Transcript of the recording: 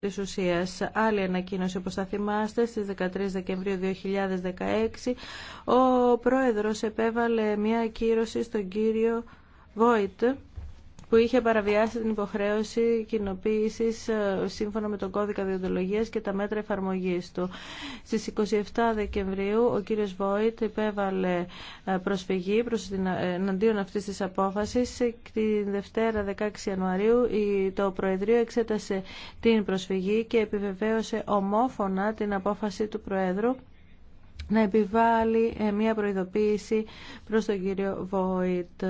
Τη ουσία. Άλλη ανακοίνωση, όπω θα θυμάστε, στις 13 Δεκεμβρίου 2016, ο πρόεδρος επέβαλε μια ακύρωση στον κύριο Βόιτ, που είχε παραβιάσει την υποχρέωση κοινοποίηση ε, σύμφωνα με τον κώδικα διοντολογία και τα μέτρα εφαρμογή του. Στι 27 Δεκεμβρίου, ο κύριο Βόιτ υπέβαλε ε, προσφυγή προς την, ε, εναντίον αυτή τη απόφαση. Τη Δευτέρα 16 Ιανουαρίου, το Προεδρείο εξέτασε την προσφυγή και επιβεβαίωσε ομόφωνα την απόφαση του Προέδρου να επιβάλλει μια προειδοποίηση προς τον κύριο Βόιτ.